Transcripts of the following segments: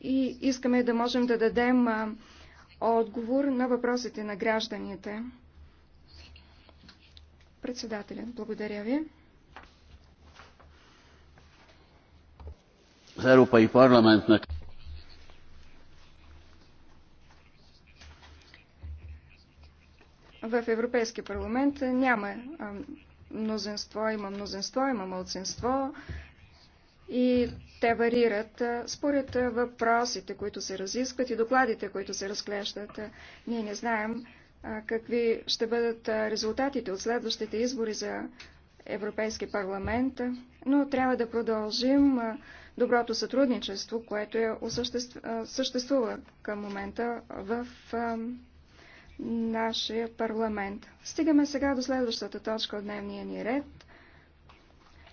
и искаме да можем да дадем отговор на въпросите на гражданите. Председателя, благодаря ви. в Европейския парламент няма мнозинство, има мнозинство, има мълцинство и те варират според въпросите, които се разискват и докладите, които се разглеждат. Ние не знаем какви ще бъдат резултатите от следващите избори за Европейски парламент, но трябва да продължим доброто сътрудничество, което е осъществ... съществува към момента в нашия парламент. Стигаме сега до следващата точка от дневния ни ред.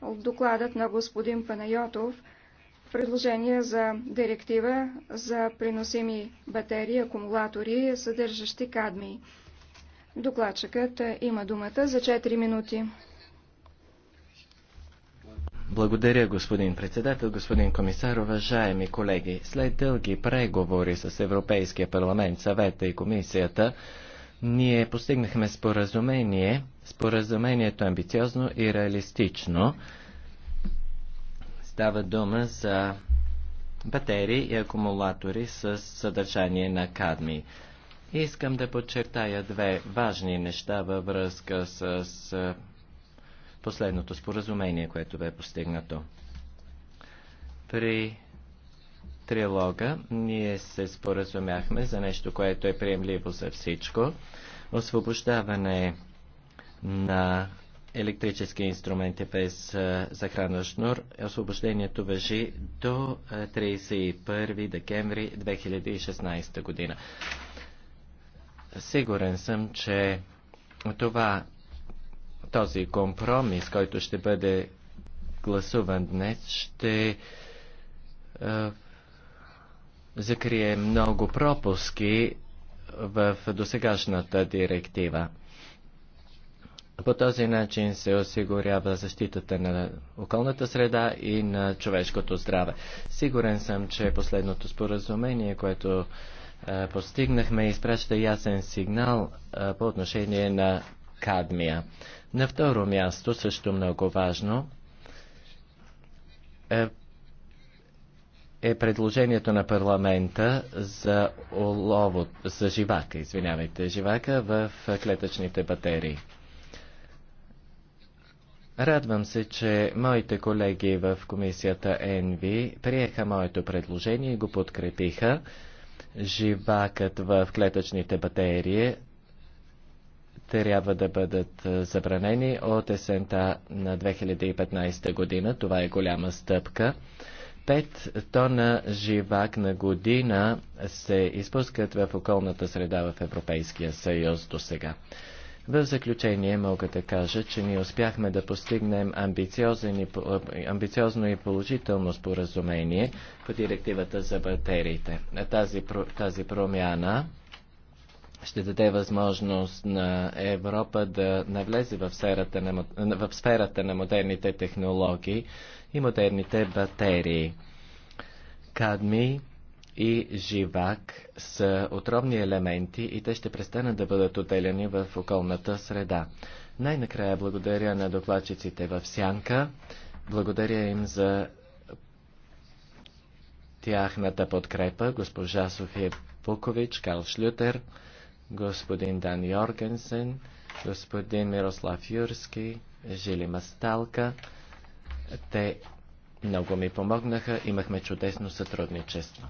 От докладът на господин Панайотов предложение за директива за приносими батерии, акумулатори, съдържащи кадми. Докладчикът е, има думата за 4 минути. Благодаря, господин председател, господин комисар, уважаеми колеги. След дълги преговори с Европейския парламент, съвета и комисията, ние постигнахме споразумение. Споразумението е амбициозно и реалистично. Става дума за батерии и акумулатори с съдържание на кадми. Искам да подчертая две важни неща във връзка с последното споразумение, което бе постигнато. При трилога ние се споразумяхме за нещо, което е приемливо за всичко. Освобождаване на електрически инструменти без захранен шнур. Освобождението въжи до 31 декември 2016 година. Сигурен съм, че това, този компромис, който ще бъде гласуван днес, ще закрие много пропуски в досегашната директива. По този начин се осигурява защитата на околната среда и на човешкото здраве. Сигурен съм, че последното споразумение, което постигнахме, изпраща ясен сигнал по отношение на кадмия. На второ място, също много важно, е, е предложението на парламента за олово, за живака, извинявайте, живака в клетъчните батерии. Радвам се, че моите колеги в комисията ЕНВИ приеха моето предложение и го подкрепиха. Живакът в клетъчните батерии трябва да бъдат забранени от есента на 2015 година. Това е голяма стъпка. 5 тона живак на година се изпускат в околната среда в Европейския съюз до сега. В заключение мога да кажа, че ние успяхме да постигнем и, амбициозно и положително споразумение по директивата за батериите. Тази, тази промяна ще даде възможност на Европа да навлезе в сферата на, в сферата на модерните технологии и модерните батерии. Кадми и живак са отровни елементи и те ще престанат да бъдат отделяни в околната среда. Най-накрая благодаря на докладчиците в Сянка. Благодаря им за тяхната подкрепа, госпожа София Пукович, Карл Шлютер господин Дан Йоргенсен, господин Мирослав Юрски, Жили Масталка. Те много ми помогнаха, имахме чудесно сътрудничество.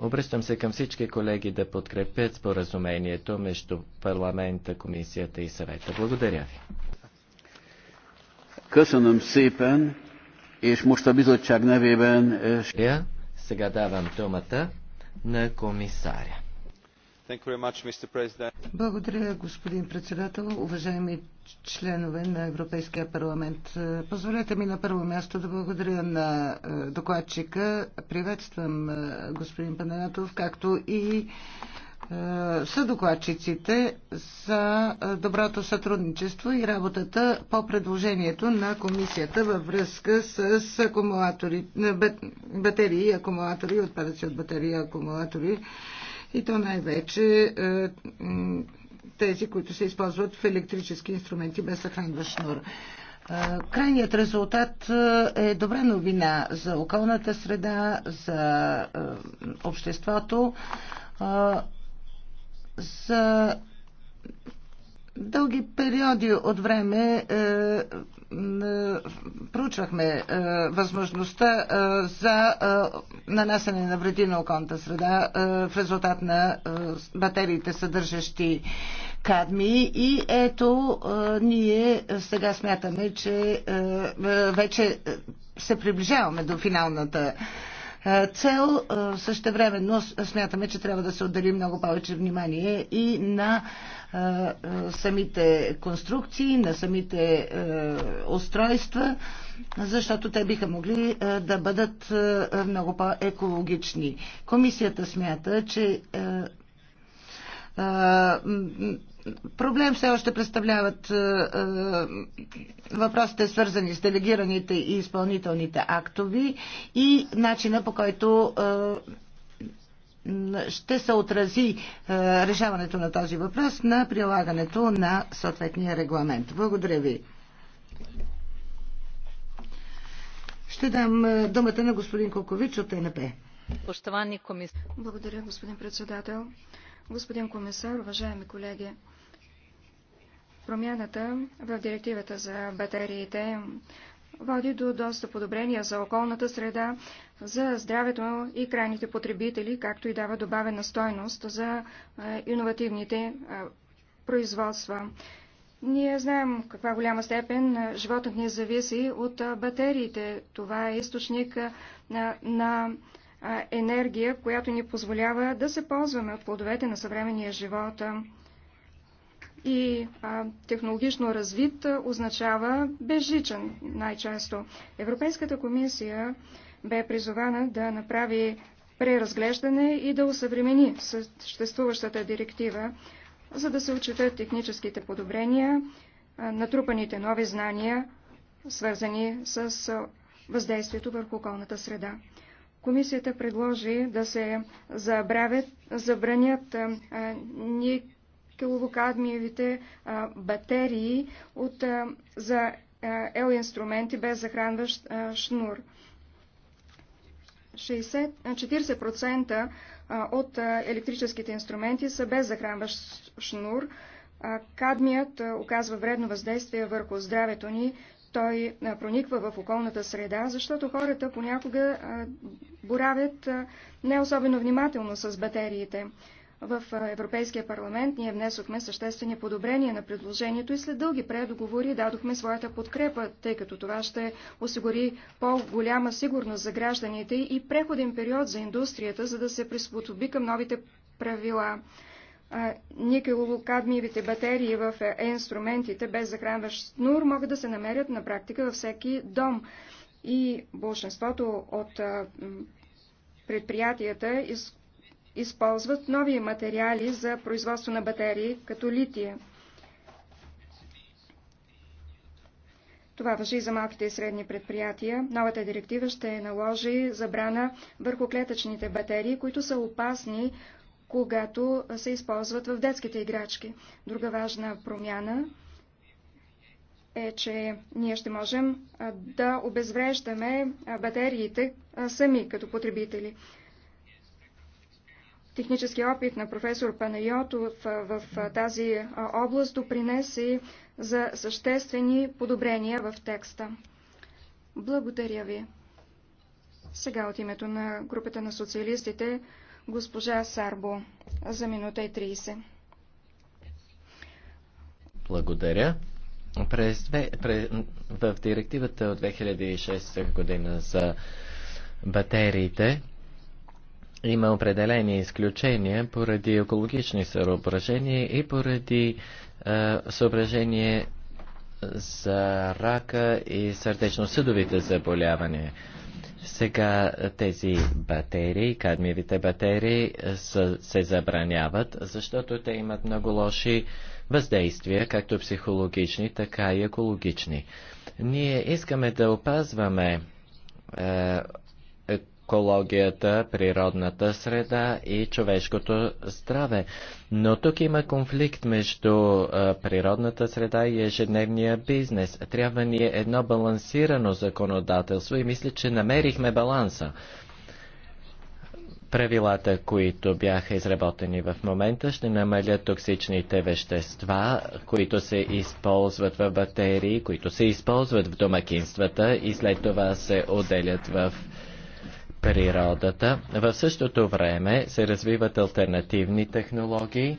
Обръщам се към всички колеги да подкрепят споразумението между парламента, комисията и съвета. Благодаря ви. Сега давам думата на комисаря. Благодаря, господин председател. Уважаеми членове на Европейския парламент, позволете ми на първо място да благодаря на е, докладчика. Приветствам е, господин Панелятов, както и е, съдокладчиците за е, доброто сътрудничество и работата по предложението на комисията във връзка с акумулатори, батерии и акумулатори, отпадъци от батерии и акумулатори и то най-вече е, тези, които се използват в електрически инструменти без съхранващ шнур. Крайният резултат е добра новина за околната среда, за обществото за дълги периоди от време е, е, проучвахме е, възможността е, за е, нанасяне на вреди на околната среда е, в резултат на е, батериите, съдържащи кадми. И ето, е, ние сега смятаме, че е, е вече е, се приближаваме до финалната. Е, е, цел. Е, същевременно смятаме, че трябва да се отдели много повече внимание и на е, самите конструкции, на самите устройства, защото те биха могли да бъдат много по-екологични. Комисията смята, че Проблем все още представляват въпросите свързани с делегираните и изпълнителните актови и начина по който ще се отрази решаването на този въпрос на прилагането на съответния регламент. Благодаря ви. Ще дам думата на господин Кокович от НП. Благодаря, господин председател. Господин комисар, уважаеми колеги, промяната в директивата за батериите води до доста подобрения за околната среда, за здравето и крайните потребители, както и дава добавена стойност за е, иновативните е, производства. Ние знаем каква голяма степен е, животът ни зависи от батериите. Това е източник на, на енергия, която ни позволява да се ползваме от плодовете на съвременния живот. И а, технологично развит означава безжичен най-често. Европейската комисия бе призована да направи преразглеждане и да усъвремени съществуващата директива, за да се отчитат техническите подобрения, натрупаните нови знания, свързани с въздействието върху околната среда. Комисията предложи да се забравят, забранят никелово-кадмиевите батерии от, за L-инструменти без захранващ шнур. 60, 40% от електрическите инструменти са без захранващ шнур. Кадмият оказва вредно въздействие върху здравето ни той прониква в околната среда, защото хората понякога боравят не особено внимателно с батериите. В Европейския парламент ние внесохме съществени подобрения на предложението и след дълги предоговори дадохме своята подкрепа, тъй като това ще осигури по-голяма сигурност за гражданите и преходен период за индустрията, за да се приспособи към новите правила никелово-кадмиевите батерии в е, е, инструментите без захранващ снур могат да се намерят на практика във всеки дом. И большинството от предприятията из, използват нови материали за производство на батерии, като литие. Това въжи и за малките и средни предприятия. Новата директива ще наложи забрана върху клетъчните батерии, които са опасни когато се използват в детските играчки. Друга важна промяна е, че ние ще можем да обезвреждаме батериите сами като потребители. Технически опит на професор Панайотов в, в тази област допринесе за съществени подобрения в текста. Благодаря ви. Сега от името на групата на социалистите госпожа Сарбо за минута и 30. Благодаря. През две, през, в директивата от 2006 година за батериите има определени изключения поради екологични съображения и поради е, съображение за рака и сърдечно-съдовите заболявания. Сега тези батерии, кадмиевите батерии се забраняват, защото те имат много лоши въздействия, както психологични, така и екологични. Ние искаме да опазваме е, екологията, природната среда и човешкото здраве. Но тук има конфликт между природната среда и ежедневния бизнес. Трябва ни едно балансирано законодателство и мисля, че намерихме баланса. Правилата, които бяха изработени в момента, ще намалят токсичните вещества, които се използват в батерии, които се използват в домакинствата и след това се отделят в природата. В същото време се развиват альтернативни технологии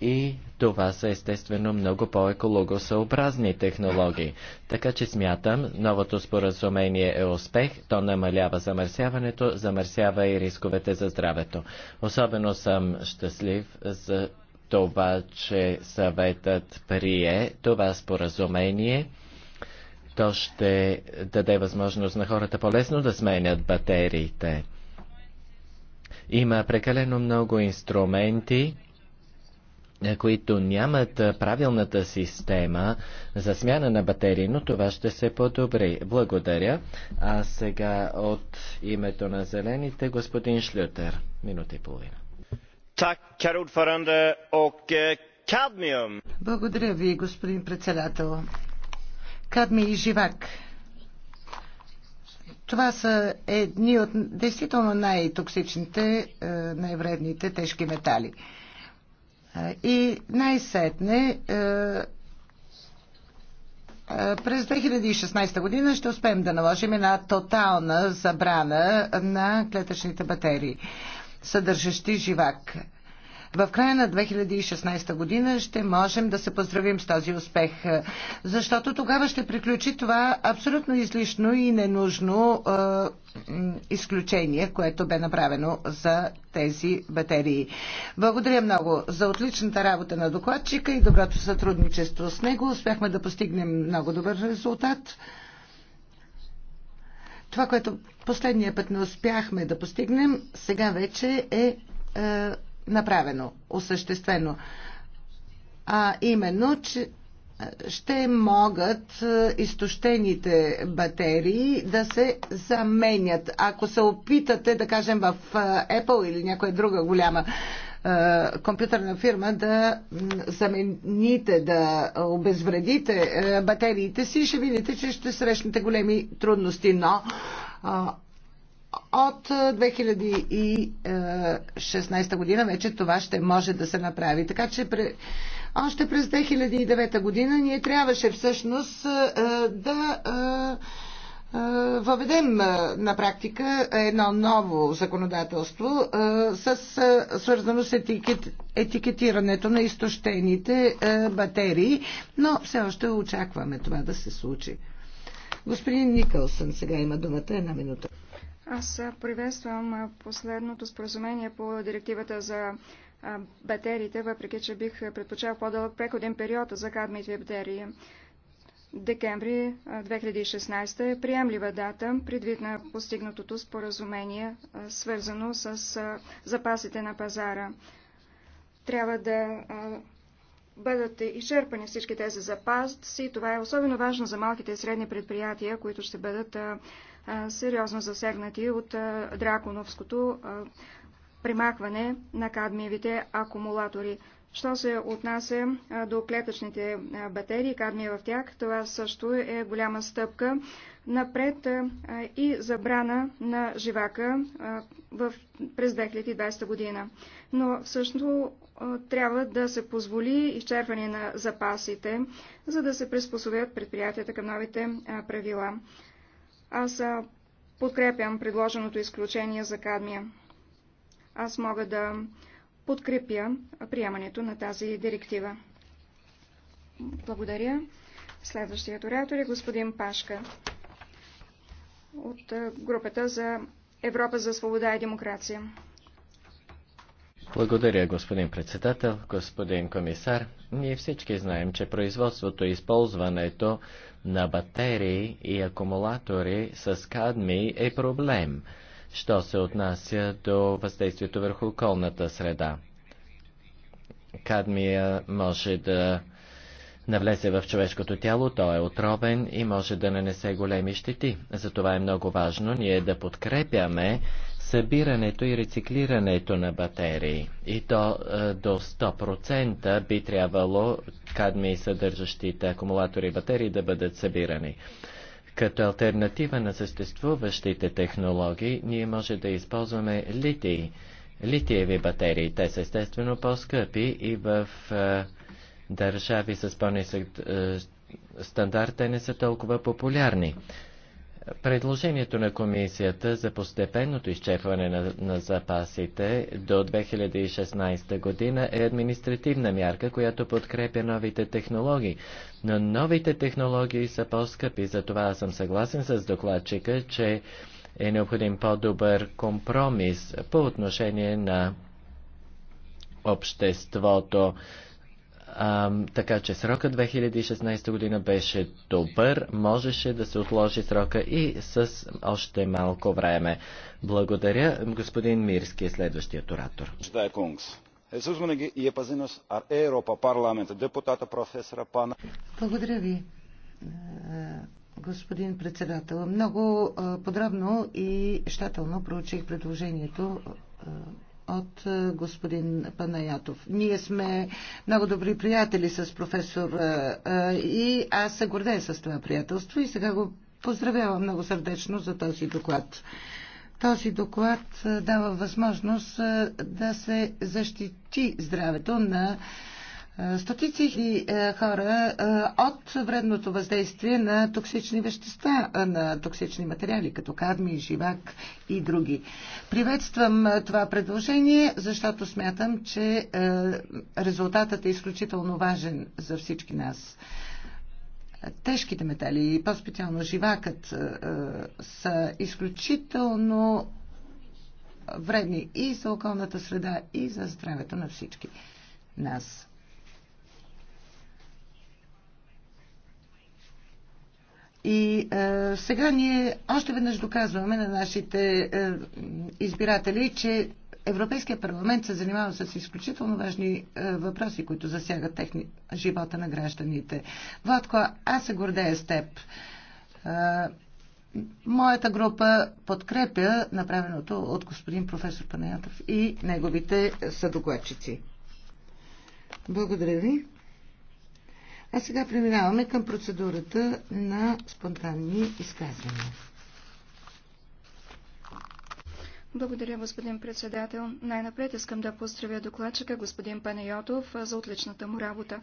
и това са естествено много по-екологосъобразни технологии. Така че смятам, новото споразумение е успех, то намалява замърсяването, замърсява и рисковете за здравето. Особено съм щастлив за това, че съветът прие това споразумение. То ще даде възможност на хората по-лесно да сменят батериите. Има прекалено много инструменти, които нямат правилната система за смяна на батерии, но това ще се подобри. Благодаря. А сега от името на зелените господин Шлютер. Минута и половина. Е, Благодаря ви, господин председател кадми и живак. Това са едни от действително най-токсичните, е, най-вредните тежки метали. Е, и най-сетне е, през 2016 година ще успеем да наложим една тотална забрана на клетъчните батерии, съдържащи живак в края на 2016 година ще можем да се поздравим с този успех, е, защото тогава ще приключи това абсолютно излишно и ненужно е, изключение, което бе направено за тези батерии. Благодаря много за отличната работа на докладчика и доброто сътрудничество с него. Успяхме да постигнем много добър резултат. Това, което последния път не успяхме да постигнем, сега вече е, е направено, осъществено. А именно, че ще могат изтощените батерии да се заменят. Ако се опитате, да кажем, в Apple или някоя друга голяма компютърна фирма да замените, да обезвредите батериите си, ще видите, че ще срещнете големи трудности. Но от 2016 е, е, година вече това ще може да се направи. Така че още през 2009 година ние трябваше всъщност е, да въведем на практика едно ново законодателство с, свързано с етикет, етикетирането на изтощените батерии, но все още очакваме това да се случи. Господин Никълсън сега има думата една минута. Аз приветствам последното споразумение по директивата за батериите, въпреки че бих предпочел по-дълъг преходен период за кадмите батерии. Декември 2016 е приемлива дата, предвид на постигнатото споразумение, свързано с запасите на пазара. Трябва да бъдат изчерпани всички тези запаси. Това е особено важно за малките и средни предприятия, които ще бъдат сериозно засегнати от драконовското примахване на кадмиевите акумулатори. Що се отнася до клетъчните батерии, кадмия в тях, това също е голяма стъпка напред и забрана на живака през 2020 година. Но всъщност трябва да се позволи изчерпване на запасите, за да се приспособят предприятията към новите правила. Аз подкрепям предложеното изключение за кадмия. Аз мога да подкрепя приемането на тази директива. Благодаря. Следващият оратор е господин Пашка от групата за Европа за свобода и демокрация. Благодаря, господин председател, господин комисар. Ние всички знаем, че производството и използването на батерии и акумулатори с кадми е проблем, що се отнася до въздействието върху околната среда. Кадмия може да навлезе в човешкото тяло, то е отровен и може да нанесе големи щети. Затова е много важно ние да подкрепяме събирането и рециклирането на батерии. И то е, до 100% би трябвало кадми съдържащите акумулатори и батерии да бъдат събирани. Като альтернатива на съществуващите технологии, ние може да използваме литий, литиеви батерии. Те са естествено по-скъпи и в е, държави с по-нисък е, стандарт те не са толкова популярни. Предложението на комисията за постепенното изчерпване на, на запасите до 2016 година е административна мярка, която подкрепя новите технологии. Но новите технологии са по-скъпи, затова аз съм съгласен с докладчика, че е необходим по-добър компромис по отношение на обществото. А, така че срока 2016 година беше добър, можеше да се отложи срока и с още малко време. Благодаря, господин Мирски, е следващият оратор. Благодаря ви, е, господин председател. Много е, подробно и щателно проучих предложението от е, господин Панаятов. Ние сме много добри приятели с професор е, е, и аз се гордея с това приятелство и сега го поздравявам много сърдечно за този доклад. Този доклад дава възможност да се защити здравето на е, стотици и е, хора е, от вредното въздействие на токсични вещества, на токсични материали, като кадми, живак и други. Приветствам това предложение, защото смятам, че резултатът е изключително важен за всички нас. Тежките метали и по-специално живакът са изключително вредни и за околната среда, и за здравето на всички нас. И а, е, сега ние още веднъж доказваме на нашите а, е, избиратели, че Европейския парламент се занимава с изключително важни а, е, въпроси, които засягат техни, живота на гражданите. Владко, аз се гордея с теб. А, моята група подкрепя направеното от господин професор Панеятов и неговите съдокладчици. Благодаря ви. А сега преминаваме към процедурата на спонтанни изказвания. Благодаря, господин председател. Най-напред искам да поздравя докладчика, господин Панайотов, за отличната му работа.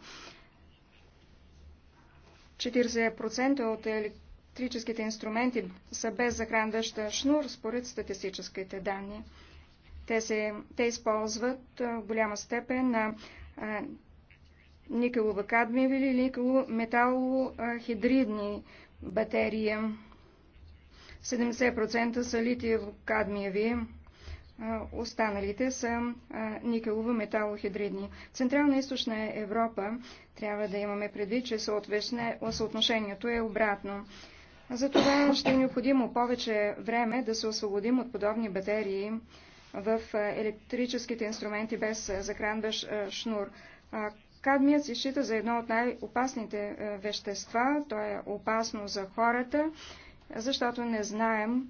40% от електрическите инструменти са без захранваща шнур, според статистическите данни. Те, се, те използват в голяма степен на никелово кадмиеви или никелово-металово-хидридни батерии. 70% са литиево кадмиеви, останалите са никелово металохидридни. Централна и източна Европа трябва да имаме предвид, че съотношението е обратно. Затова ще е необходимо повече време да се освободим от подобни батерии в електрическите инструменти без закранващ шнур. Кадмият се счита за едно от най-опасните е, вещества. То е опасно за хората, защото не знаем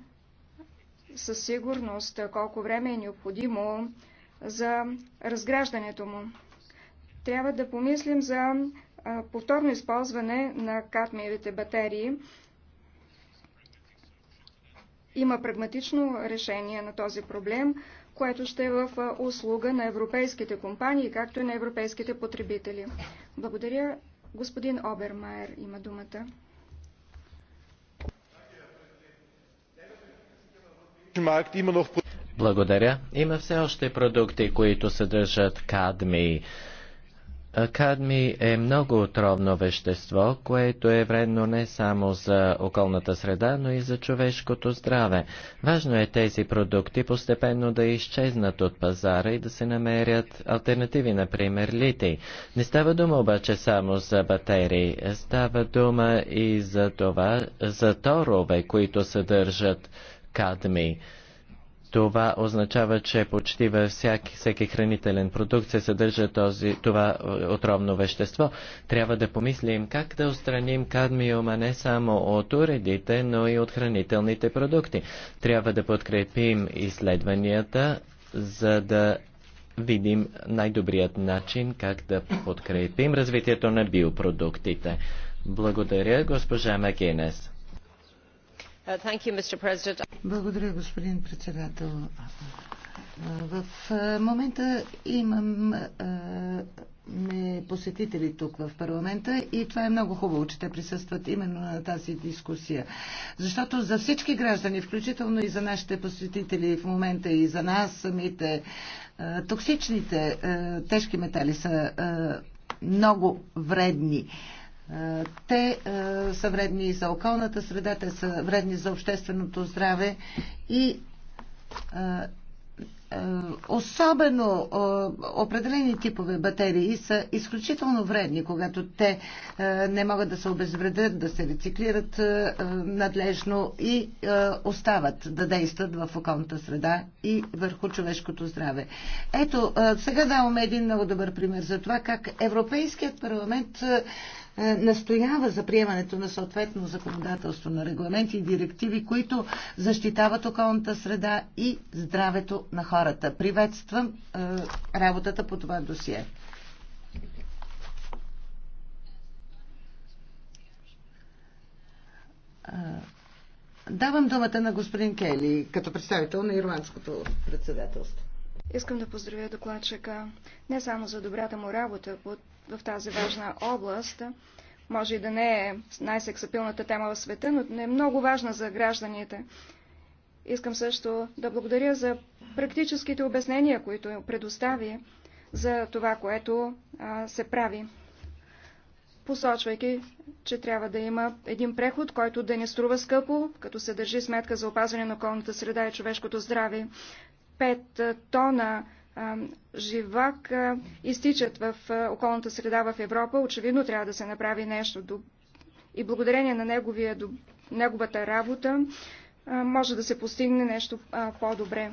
със сигурност колко време е необходимо за разграждането му. Трябва да помислим за е, повторно използване на кадмиевите батерии. Има прагматично решение на този проблем което ще е в услуга на европейските компании, както и на европейските потребители. Благодаря. Господин Обермайер има думата. Благодаря. Има все още продукти, които съдържат кадмий Кадми е много отровно вещество, което е вредно не само за околната среда, но и за човешкото здраве. Важно е тези продукти постепенно да изчезнат от пазара и да се намерят альтернативи, например литий. Не става дума обаче само за батерии, става дума и за това, за торове, които съдържат кадми. Това означава, че почти във всяки, всеки хранителен продукт се съдържа този, това е, отровно вещество. Трябва да помислим как да устраним кадмиума не само от уредите, но и от хранителните продукти. Трябва да подкрепим изследванията, за да видим най-добрият начин как да подкрепим развитието на биопродуктите. Благодаря, госпожа Макинес. Uh, Благодаря, господин председател. Uh, в uh, момента имам ме посетители тук в парламента и това е много хубаво, че те присъстват именно на тази дискусия. Защото за всички граждани, включително и за нашите посетители в момента и за нас самите, токсичните тежки метали са много вредни. Е, те е, са вредни и за околната среда, те са вредни за общественото здраве и е, особено определени типове батерии са изключително вредни, когато те не могат да се обезвредят, да се рециклират надлежно и остават да действат в околната среда и върху човешкото здраве. Ето, сега даваме един много добър пример за това как Европейският парламент е, настоява за приемането на съответно законодателство на регламенти и директиви, които защитават околната среда и здравето на хората. Приветствам е, работата по това досие. Е, давам думата на господин Кели като представител на ирландското председателство. Искам да поздравя докладчика не само за добрата му работа по в тази важна област. Може и да не е най-сексапилната тема в света, но не е много важна за гражданите. Искам също да благодаря за практическите обяснения, които предостави за това, което а, се прави. Посочвайки, че трябва да има един преход, който да не струва скъпо, като се държи сметка за опазване на околната среда и човешкото здраве. Пет тона живак изтичат в околната среда в Европа. Очевидно трябва да се направи нещо. И благодарение на неговия, неговата работа може да се постигне нещо по-добре.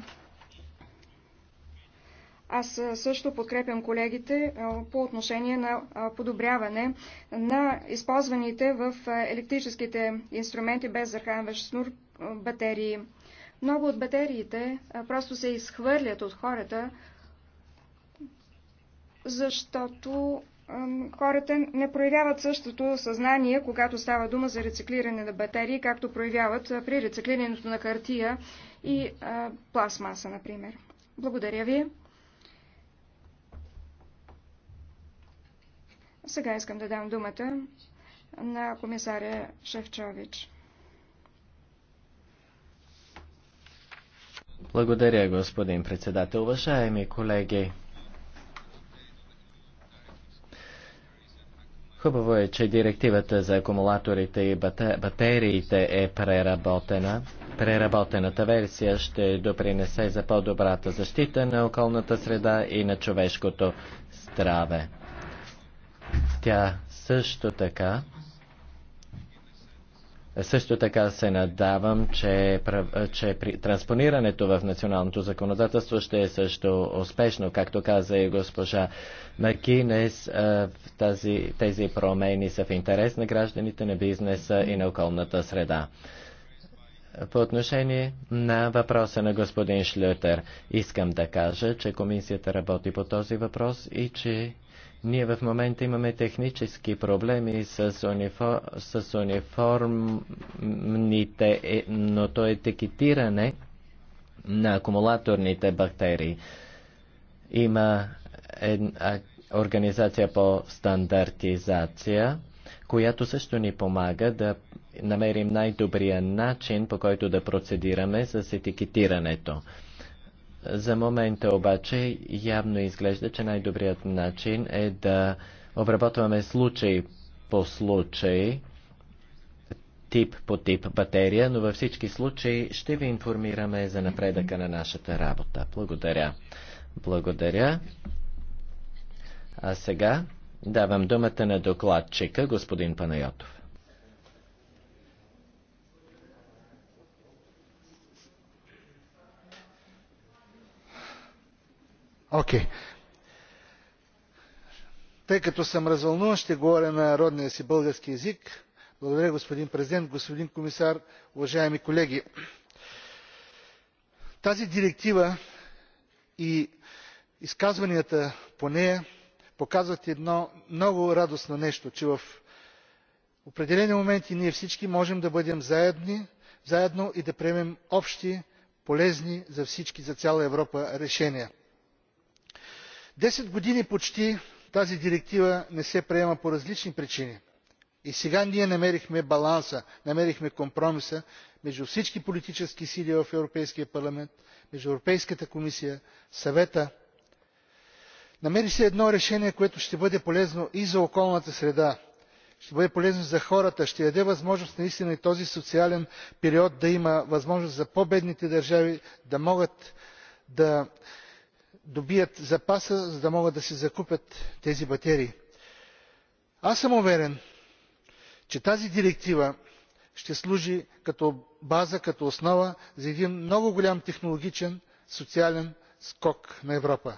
Аз също подкрепям колегите по отношение на подобряване на използваните в електрическите инструменти без захранващ снур батерии. Много от батериите просто се изхвърлят от хората, защото хората не проявяват същото съзнание, когато става дума за рециклиране на батерии, както проявяват при рециклирането на хартия и пластмаса, например. Благодаря ви. Сега искам да дам думата на комисаря Шевчович. Благодаря, господин председател. Уважаеми колеги, Хубаво е, че директивата за акумулаторите и батериите е преработена. Преработената версия ще допринесе за по-добрата защита на околната среда и на човешкото здраве. Тя също така също така се надавам, че, че при транспонирането в националното законодателство ще е също успешно. Както каза и госпожа Макинес, тази, тези промени са в интерес на гражданите, на бизнеса и на околната среда. По отношение на въпроса на господин Шлютер, искам да кажа, че комисията работи по този въпрос и че ние в момента имаме технически проблеми с, унифор... с униформните, е, но то етикетиране на акумулаторните бактерии. Има една организация по стандартизация, която също ни помага да намерим най-добрия начин, по който да процедираме с етикетирането. За момента обаче явно изглежда, че най-добрият начин е да обработваме случай по случай, тип по тип батерия, но във всички случаи ще ви информираме за напредъка на нашата работа. Благодаря. Благодаря. А сега давам думата на докладчика, господин Панайотов. Окей. Тъй като съм развълнуван, ще говоря на родния си български язик. Благодаря, господин президент, господин комисар, уважаеми колеги. Тази директива и изказванията по нея показват едно много радостно нещо, че в определени моменти ние всички можем да бъдем заедни, заедно и да приемем общи, полезни за всички, за цяла Европа решения десет години почти тази директива не се приема по различни причини и сега ние намерихме баланса намерихме компромиса между всички политически сили в европейския парламент между европейската комисия съвета. намери се едно решение което ще бъде полезно и за околната среда ще бъде полезно за хората ще даде възможност наистина и този социален период да има възможност за по бедните държави да могат да добият запаса за да могат да си закупят тези батерии. аз съм уверен че тази директива ще служи като база като основа за един много голям технологичен социален скок на европа.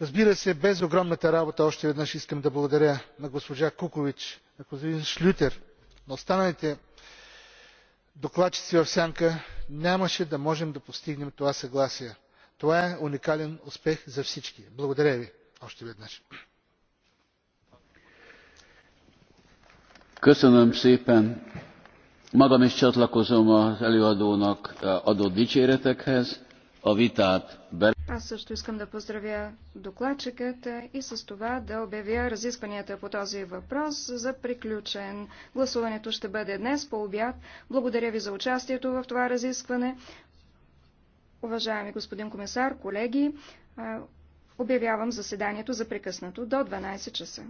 разбира се без огромната работа още веднъж искам да благодаря на госпожа Кукович, на господин Шлютер на останалите докладчици в сянка нямаше да можем да постигнем това съгласие това е уникален успех за всички. благодаря ви още веднъж. Köszönöm szépen. Magam is csatlakozom az előadónak adott dicséretekhez. A vitát be... Аз също искам да поздравя докладчикът и с това да обявя разискванията по този въпрос за приключен. Гласуването ще бъде днес по обяд. Благодаря ви за участието в това разискване. Уважаеми господин комисар, колеги, обявявам заседанието за прекъснато до 12 часа.